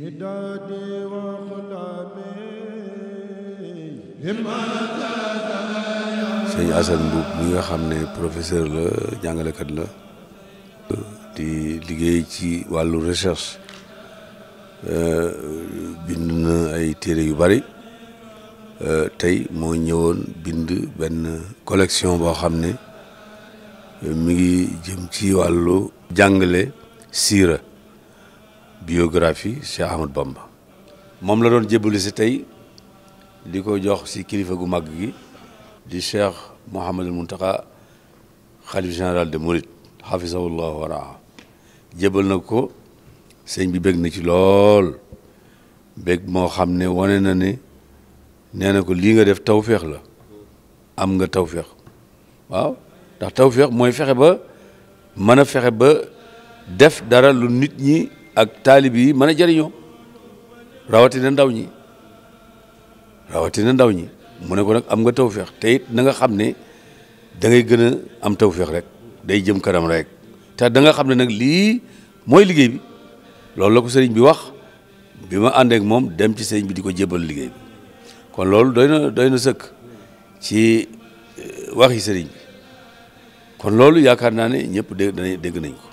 هدادي وخلامي sëñ mi nga xam ne professeur la jàngalekat la di liggéey ci wàllu recherche euh, bind na ay téere yu bari euh, tey moo ñëwoon bind benn collection boo xam ne euh, mi ngi jëm ci wàllu jàngale siira biographie Cheikh Ahmad Bamba moom la doon jébbalu si tey di ko jox si kilifa gu mag gi di Cheikh Mouhamadul Mountakha xalif général de Mouride hafisahullah wa raa jébal na ko sëñ bi bég na ci lool bég moo xam ne wane na ne nee na ko lii nga def tawféex la am nga tawféex waaw ndax tawféex mooy fexe ba mën a fexe ba def dara lu nit ñi ak taalib yi mën a jëriñoo rawatina ndaw ñi rawatina ndaw ñi mu ne ko nag am nga tawféex te it na xam ne dangay ngay gën a am tawféex rek day jëm kanam rek te da nga xam ne nag lii mooy liggéey bi loolu la ko sëriñ bi wax bi ma ànd moom dem ci sëriñ bi di ko jébbal liggéey bi kon loolu doy na doy na sëkk ci eh, waxi sëriñ bi kon loolu yaakaar naa ne ñëpp dégg nañ ko.